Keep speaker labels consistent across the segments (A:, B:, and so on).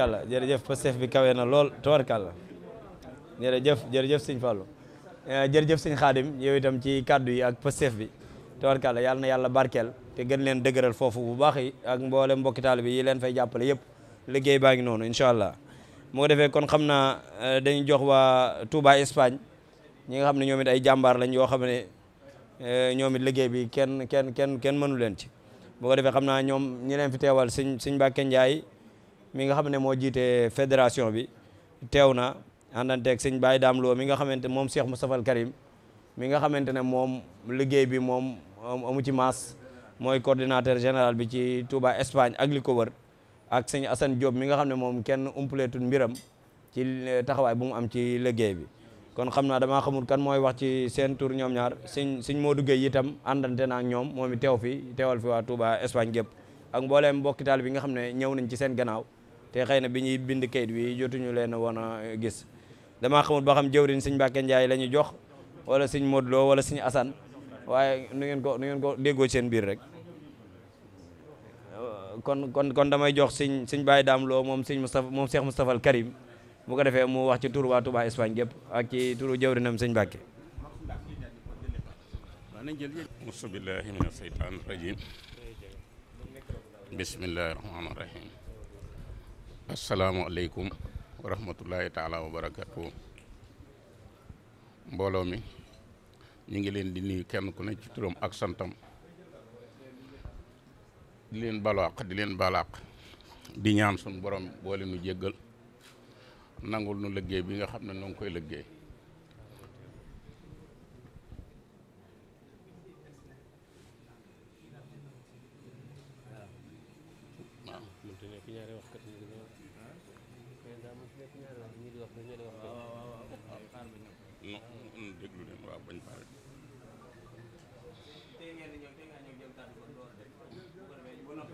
A: yàlla jërëjëf Pastef bi kawe na jëf tabarkàlla jërëjëf jërëjëf sëñ Fallou eh, jërëjëf sëñ Xaadim yow itam ci kàddu yi ak Pastef bi tabarkàlla yàlla na yàlla barkeel te gën leen dëgëral foofu bu baax yi ak mboolem mbokki taalibe yi leen fay jàppale yëpp liggéey baa ngi noonu incha allah moo ko defee kon xam naa eh, dañu jox waa Touba Espagne ñi nga xam ne ñoom it ay jàmbaar lañ yoo xam ne eh, ñoom it liggéey bi kenn kenn kenn kenn mënu leen ci boo defee xam naa ñoom ñi leen mi nga xam ne moo jiite fédération bi teew na àndanteeg sëñ Baye Dame Lo mi nga xamante moom Cheikh Moustapha Al Karim mi nga xamante ne moom liggéey bi moom amu ci maas mooy coordinateur général bi ci Touba Espagne ak ak sëñ Assane Diop mi nga xam ne moom kenn umpaleetul mbiram ci taxawaay bu mu am ci liggéey bi kon xam naa damaa xamul kan mooy wax ci seen tur ñoom ñaar sëñ sëñ Modou Gueye itam àndante na ak ñoom moom i teew fi teewal fi waa Touba Espagne ak mbooleem mbokki taal bi nga xam ne ñëw nañ ci seen gannaaw te xëy na bi ñuy bind kayit wi jotuñu leen woon a gis damaa xamul ba xam jëwriñ sëñ Mbàkke Njaay la ñu jox wala sëñ Modou Lo wala sëñ Assane waaye nu ngeen ko nu ngeen ko déggoo seen biir rek kon kon kon damay jox sëñ sëñ Baye Daam Lo moom sëñ Moustapha moom Cheikh Moustapha al Karim ko defee mu wax ci turu waa Touba Espagne gépp ak ci turu jëwrinam sëñ Mbàkke
B: ausu billahi min asheytan irajim
A: bismillahi rahmani rahim
B: asalaamualeykum wa rahmatullahi taala wa barakatuhu mbooloo mi ñu ngi leen di nuyu kenn ku ne ci turam ak santam di leen balaax di leen balaax di ñaan suñu borom boole nu jéggal nangul nu liggéey bi nga xam ne noo koy liggéey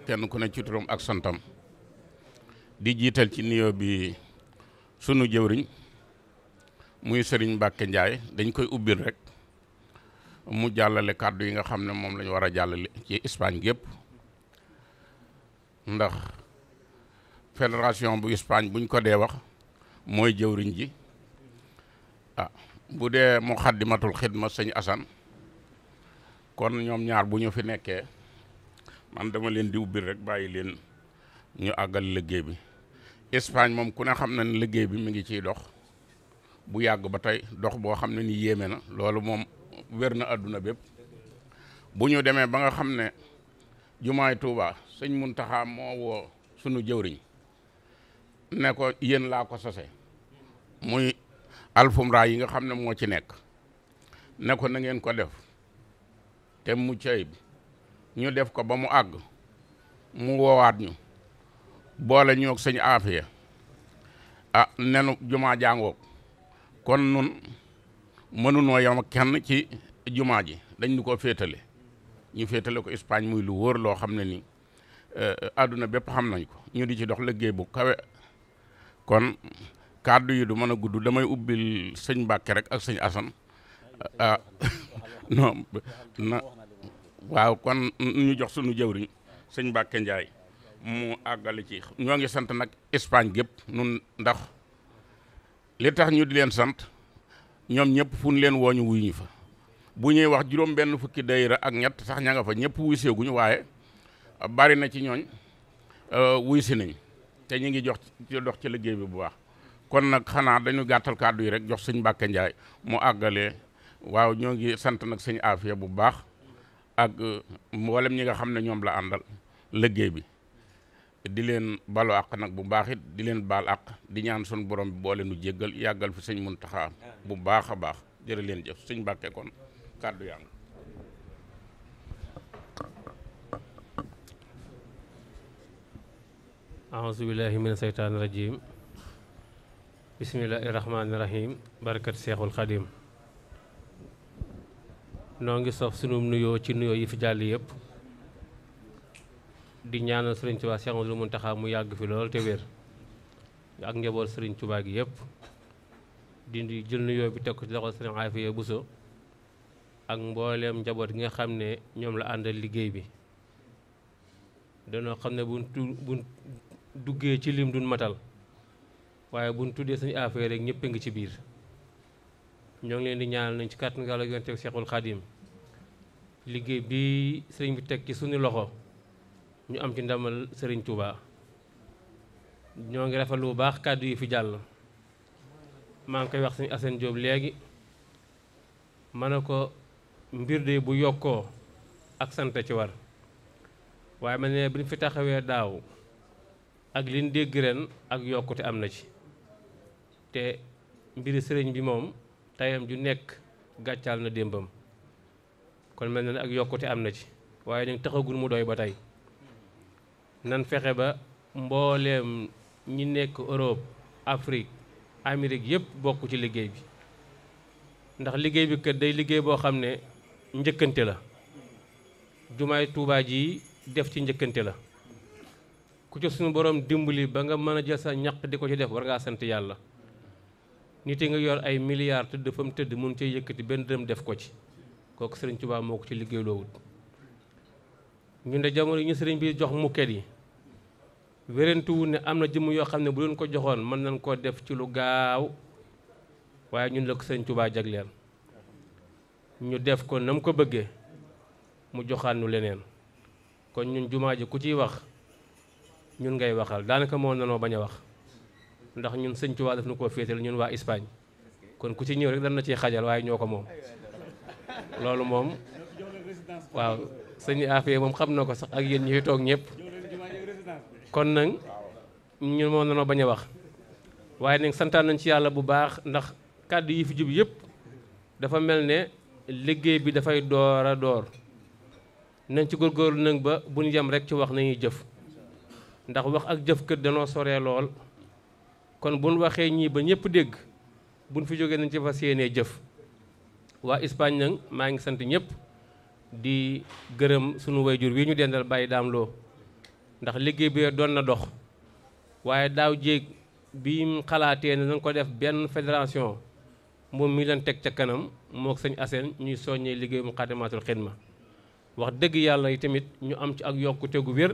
B: kenn ku ne ci turam ak santam. di jiital ci niyo bi sunu jëwriñ muy sëriñ Mbacke Ndiaye dañ koy ubbil rek mu jàllale kàddu yi nga xam ne moom la war a jàllale ci Espagne gépp ndax fédération bu Espagne buñ ko dee wax. mooy jëwriñ ji a ah, bu dee mu xaddimatul xidma sëñ Assane kon ñoom ñaar bu ñu fi nekkee man dama leen di ubbil rek bàyyi leen ñu àggal liggéey bi Espagne moom ku ne xam na ne liggéey bi mu ngi ciy dox bu yàgg ba tey dox boo xam ne ni yéeme na loolu moom wér na àdduna bépp bu ñu demee ba nga xam ne jumaay Touba sëñ Muntaxa moo woo sunu jëwriñ ne ko yéen laa ko sose muy alfumra yi nga xam ne moo ci nekk ne ko na ngeen ko def te mu cayib ñu def ko ba mu àgg mu woowaat ñu boole ñoog sëñ aafiya a ah, nenu jumaa jàngoog kon nun mënunoo yam kenn ci jumaa ji dañ ñu ko féetale ñu féetale ko Espagne muy lu wóor loo xam ne ni eh, eh, àdduna bépp xam nañ ko ñu di ci dox liggéey bu kawe kon kàddu yi du mën a gudd damay ubbil sëñ Mbàkke rek ak sëñ Asan ah na waaw kon ñu jox suñu jëwriñ sëñ Mbàkke Njaay mu àggale ci ñoo ngi sant nag Espagne gépp nun ndax li tax ñu di leen sant ñoom ñëpp fu leen woo ñu fa bu ñuy wax juróom fukki dayra ak ñett sax ña fa ñëpp wuy seeguñu bari na ci ñooñ wuy si nañ te ñu ngi jox dox ci liggéey bi bu baax kon nag xanaa dañu gàttal kàddu yi rek jox sëñ Mbàkke Njaay mu àggalee waaw ñoo ngi sant nag sëñ Afia bu baax ak euh, mboolem ñi nga xam ne ñoom la àndal liggéey bi di leen balu àq nag bu baax di leen baal àq di ñaan suñu borom bi boole nu jéggal yàggal fi sëñ mun Muntaxa bu baax a baax jërë leen jox sëñ Mbàkke kon kàddu yaa ngi
C: bismillaahi rahmaani rahiim barkat seexul xadiim noo ngi sof sunu nuyoo ci nuyoo yi fi jàll yépp di ñaanal sëriñ Tuubaa Seexul Muntaxaa mu yàgg fi lool te wér ak njaboot sëriñ Tuubaa gi yëpp di jël nuyoo bi teg ko ci loxo sëriñ Aafiya Buso ak mbooleem njaboot gi nga xam ne ñoom la àndal liggéey bi danoo xam ne buñ duggee ci lim duñ matal waaye bu ñu tuddee suñu affaire rek ñëpp a ngi ci biir ñoo ngi leen di ñaanal nañ ci kàttan Yàlla yonent bi Seexul Xaadim liggéey bi sëriñ bi teg ci suñu loxo ñu am ci ndamal sëriñ Touba ñoo ngi rafetlu bu baax kàddu yi fi jàll maa ngi koy wax suñu Assane Diop léegi ma ne ko mbir de bu yokkoo ak sant ci war waaye ma ne bi ñu fi taxawee daaw ak liñ dégg ren ak yokkute am na ci te mbiri sëriñ bi moom tayam ju nekk gàccaal na démbam kon mel na ne ak yokkute am na ci waaye nag taxagul mu doy ba tey nan fexe ba mbooleem ñi nekk Europe Afrique Amérique yëpp bokk ci liggéey bi ndax liggéey bi kat day liggéey boo xam ne njëkkante la jumaay Tuubaa ji def ci njëkkante la ku ci sunu borom dimbali ba nga mën a jël sa ñaq di ko ci def war ngaa sant yàlla nit nga yoon ay milliards tëdd tëdd mu tëdd mun cee yëkkati benn dërëm def ko ci kooku sëriñ Tuubaa moo ko ci liggéeyloowut ñu ne jamono yi ñu sëriñ bi jox mukket yi wérantuwu ne am na jëmm yoo xam ne bu leen ko joxoon mën nañ koo def ci lu gaaw waaye ñun la ko sëriñ jagleel ñu def ko nam ko bëggee mu joxaanu leneen kon ñun jumaa ji ku ciy wax ñun ngay waxal daanaka moo nanoo bañ a wax ndax ñun sëñ Tuubaa daf na koo féetal ñun waa Espagne kon ku ci ñëw rek dana ci xajal waaye ñoo ko moom loolu moom waaw sëñ Afee moom xam na ko sax ak yéen ñi fi toog ñëpp kon nag ñun moom nanoo bañ a wax waaye nag santaan nañ ci yàlla bu baax ndax kàddu yi fi jub yëpp dafa mel ne liggéey bi dafay door a door nañ ci góorgóorlu nag ba buñ yem rek ci wax nañuy jëf ndax wax ak jëf kër danoo soree lool kon bu buñ waxee ñii ba ñëpp dégg buñ fi jógee nañ ci fas yéenee jëf waa Espagne nag maa ngi sant ñëpp di gërëm sunu way jur wii ñu dendal bàyyi daam loo ndax liggéey bi doon na dox waaye daaw jéeg bi mu xalaatee ne nañ ko def benn fédération moom mi leen teg ca kanam mook sëñ Assène ñuy soññee liggéey mu xaadimaatul ma wax dëgg yàlla yi tamit ñu am ci ak yokkute gu wér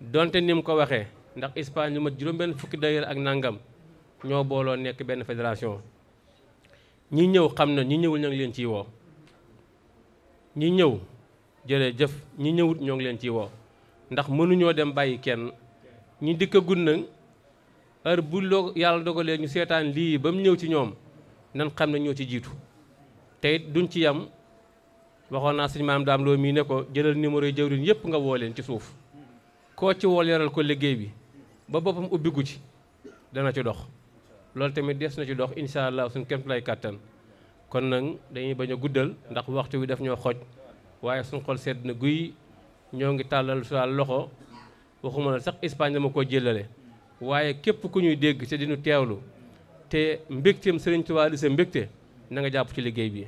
C: donte ni mu ko waxee ndax Espagne lu mat juróom-benn fukki daayira ak nangam ñoo booloo nekk benn fédération ñi ñëw xam na ñi ñëwul ñoo ngi leen ciy woo ñi ñëw jërëjëf ñi ñëwut ñoo ngi leen ciy woo ndax mënuñoo dem bàyyi kenn ñi dikk a gudd nag bu loo yàlla dogalee ñu seetaan lii ba mu ñëw ci ñoom nan xam na ñoo ci jiitu te duñ ci yam waxoon naa suñu maam daam loo mii ne ko jëlal numéro yi jëwriñ yëpp nga woo leen ci suuf koo ci wool yaral ko liggéey bi ba boppam ubbiku ci dana ci dox loolu tamit des na ci dox incha allah suñ kémt lay kàttan kon nag dañuy bañ a guddal ndax waxtu wi daf ñoo xoj waaye suñ sedd na guy ñoo ngi tàllal sa loxo waxuma la sax Espagne dama koo jëlale waaye képp ku ñuy dégg te diñu teewlu te mbégteem Sëriñ Tuubaa di sa mbégte na nga jàpp ci liggéey bi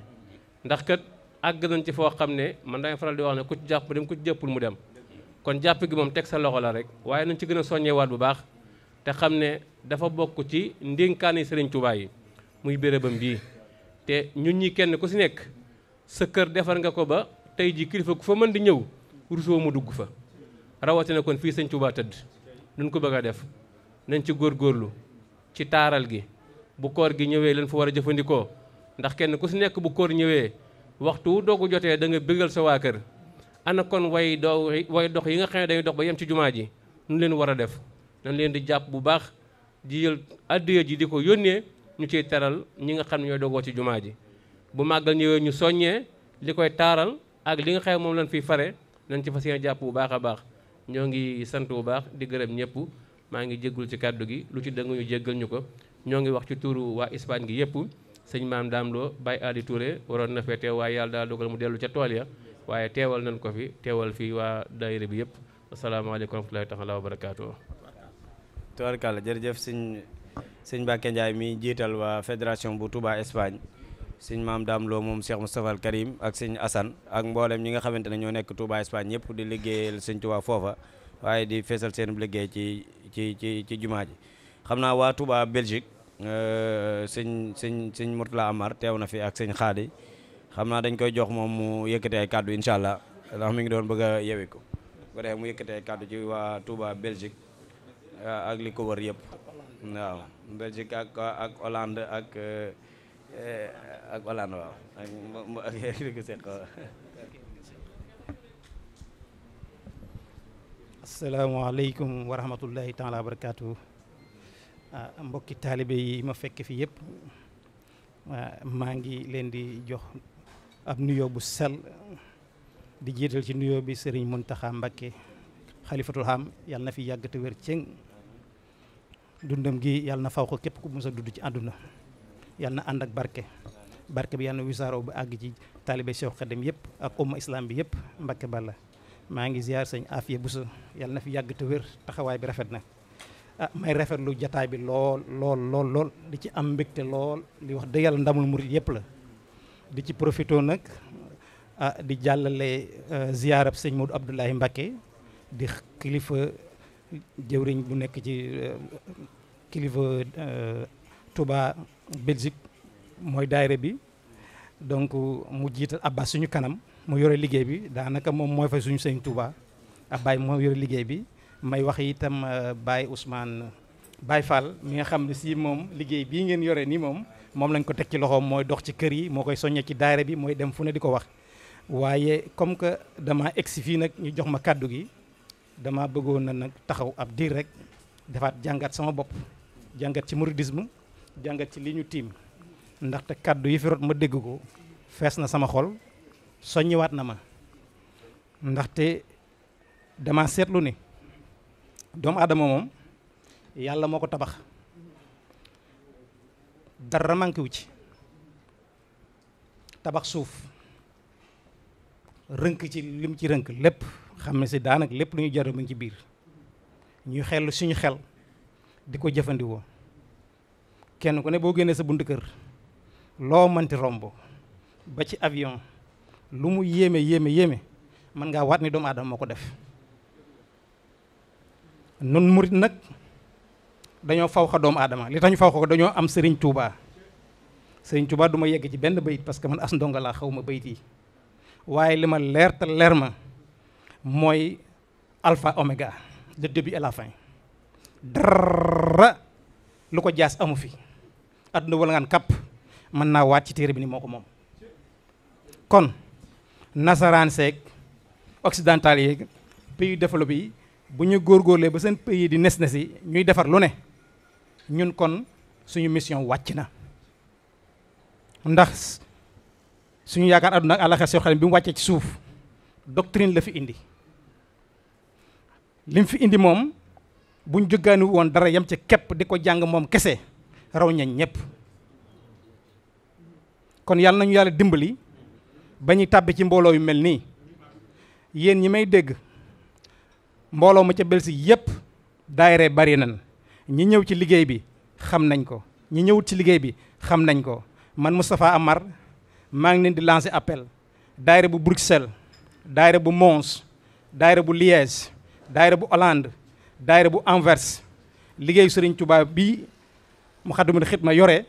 C: ndax kat àgg nañ ci foo xam ne man danga faral di wax ne ku ci jàpp mu dem ku ci jàppul mu dem kon jàpp gi moom teg sa loxo la rek waaye nañ ci gën a soññewaat bu baax te xam ne dafa bokk ci ndénkaani Serigne Touba yi muy bérébam bii te ñun ñi kenn ku si nekk sa kër defar nga ko ba tey ji kilifa ku fa mën di ñëw rusoo mu dugg fa rawatina kon fii Serigne Touba tëdd nun ko bëgg a def nañ ci góor góorlu ci taaral gi bu koor gi ñëwee leen fa war a jëfandikoo ndax kenn ku si nekk bu koor ñëwee waxtu doo ko jotee da nga bégal sa waa kër ana kon way doo way dox yi nga xam ne dañuy dox ba yem ci jumaa ji nu leen war a def nañ leen di jàpp bu baax di jël addiya ji di ko yónnee ñu ciy teral ñi nga xam ne ñooy dogoo ci jumaa ji bu màggal ñëwee ñu soññee li koy taaral ak li nga xam moom lañ fiy fare nañ ci fas yéene jàpp bu baax a baax ñoo ngi sant bu baax di gërëm ñëpp maa ngi jéggul ci kàddu gi lu ci dëngu ñu jéggal ñu ko ñoo ngi wax ci tuuru waa Espagne gi yëpp sëñ maam daam loo Baye Ali waroon na fee teew yàlla daal dogal mu dellu ca tool ya waaye teewal nañ ko fi teewal fii waa
A: daayira bi yëpp asalaamaaleykum wa rahmatulahi taala wa barakaatu. tubarkàlla jërëjëf sëñ sëñ Mbacke Ndiaye mi jiital waa fédération bu Touba Espagne sëñ maam daam loo moom Cheikh Moustapha al Karim ak sëñ Assane ak mbooleem ñi nga xamante ne ñoo nekk Touba Espagne ñëpp di liggéeyal sëñ Touba foofa waaye di feesal seen liggéey ci ci ci ci jumaa ji xam naa waa Touba Belgique euh, sëñ sëñ sëñ Mourtala Amar teew na fi ak sëñ Xaadi xam naa dañ koy jox moom mu yëkkatee kàddu incha allah ndax mi ngi doon bëgg a yewiku bu ko mu yëkkatee ay kàddu ci waa Touba Belgique ah, ak li ko wër yëpp waaw Belgique ak ak Hollande ak eh, Hollande waaw ak ak li ko seq
D: barakaatu ah, mbokki taalibe yi ma fekk fi yëpp ah, maa ngi leen di jox ab nuyoo bu sel di jiital ci nuyoo bi sëriñ Muntaxa Mbakke xalifatul xam yàlla na fi yàgg te wér cëng dundam gi yàlla na faw ko képp ku mës a dudd ci àdduna yàlla na ànd ak barke barke bi yàlla na wisaaroo bu àgg ci taalibe Cheikh Xadim yëpp ak umma islam bi yëpp Mbakke bala maa ngi ziar sëñ Afiya Buso yàlla na fi yàgg te wér taxawaay bi rafet na ah may rafetlu jataay bi lool lool lool lool di ci am mbégte lool li wax dëgg yàlla ndamul murit yëpp la di ci profité nag ah di jàllale eh, ziyaarab sëñ Modou Abdoulaye Mbacké di kilifa jëwriñ bu nekk ci eh, kilifa eh, Touba Belgique mooy daayira bi donc mu jiital Abbas suñu kanam mu yore liggéey bi daanaka moom mooy fa suñu sëñ Touba Abbaay moo yore liggéey bi may wax itam Baye Ousmane Baye Fall mi nga xam ne si moom liggéey bii ngeen yore nii moom moom lañ ko teg ci loxoom mooy dox ci kër yi moo koy soññee ci daayira bi mooy dem fu ne di ko wax waaye comme que dama egsi fii nag ñu jox ma kàddu gi dama bëggoon na nag taxaw ab diir rek defaat jàngat sama bopp jàngat ci mouridisme jàngat ci li ñu tiim ndaxte kàddu yi fi rot ma dégg ko fees na sama xol soññiwaat na ma ndaxte dama seetlu ni doomu aadama moom yàlla moo ko tabax dara manqué wu ci tabax suuf rënk ci lim ci rënk lépp xam na si daanaka lépp lu ñu jar mu ngi ci biir ñuy xel suñu xel di ko jëfandikoo kenn ku ne boo génnee sa buntu kër loo mënti rombo ba ci avion lu mu yéeme yéeme yéeme mën ngaa waat ni doomu aadama moo ko def nun murit nag dañoo faw xa doomu aadama li tax ñu faw ko dañoo am Serigne Touba Serigne Touba du ma yegg ci benn bayit parce que man as ndongo laa xaw ma bayit yi waaye li ma leer te leer ma mooy alpha oméga le début lu ko jaas amu fi àdduna wala ngaan kàpp mën naa waat ci téere bi ni moo ko moom kon nasaraan seek occidental yeeg pays développé yi bu ñu góorgóorlee ba seen pays di nes-nes yi ñuy defar lu ne ñun kon suñu mission wàcc na ndax suñu yaakaar àdduna ak àllaxira Seex Xaadim bi mu wàccee ci suuf doctrine la fi indi lim fi indi moom buñ jógaani woon dara yem ci képp di ko jàng moom kese raw ñañ ñëpp kon yàlla nañu yàlla dimbali ba ñuy tàbbi ci mbooloo yu mel nii yéen ñi may dégg mbooloo ma ca Belsi yëpp daayira bari na ñi ñëw ci liggéey bi xam nañ ko ñi ñëwut ci liggéey bi xam nañ ko man Moustapha Amar maa ngi leen di lancer appel daayira bu Bruxelles daayira bu Mons daayira bu Liège daayira bu Hollande daayira bu liggéey Anvers liggéeyu bi Touba bii Moukhaddamatoul Khidma yore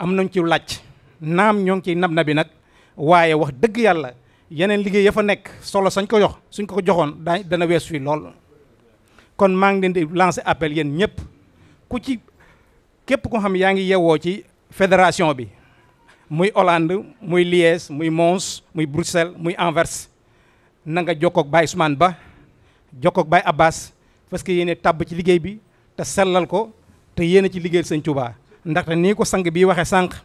D: am nañ ci laaj naam ñoo ngi ciy nab na bi nag waaye wax dëgg yàlla yeneen liggéey ya fa nekk solo sañ ko yox suñ ko ko joxoon daa dana wees fii lool kon maa ngi leen di lancer appel yéen ñëpp ku ci képp ko xam yaa ngi yewoo ci fédération bi muy Hollande muy lies muy Mons muy Bruxelles muy Anvers nanga nga jokkoog Baye Ousmane Ba jokkoog Baye Abbas parce que yéene tàbb ci liggéey bi te sellal ko te yéen a ci liggéeyal sëñ Touba ndaxte nii ko sang bii waxee sànq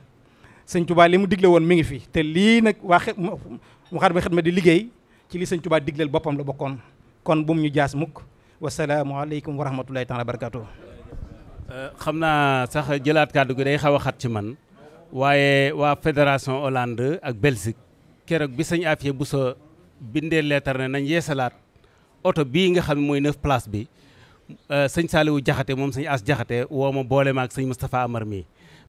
D: sëñ li mu digle woon mi ngi fi te lii nag waa xe mu xar ma di liggéey ci li sëñ Touba digleel boppam la bokkoon kon bu mu ñu jaas mukk wasalaamualeykum wa rahmatulahi taala barakaatu.
C: Euh, xam naa sax jëlaat kàddu gi day xaw a xat ci man waaye waa fédération Hollande ak Belgique keroog bi sëñ Afia bu sa bindee leetar ne nañ yeesalaat oto bii nga xam mooy neuf place bi euh, sëñ Saliou Jaxate moom sëñ As Jaxate woo ma boole ma ak sëñ Moustapha Amar mii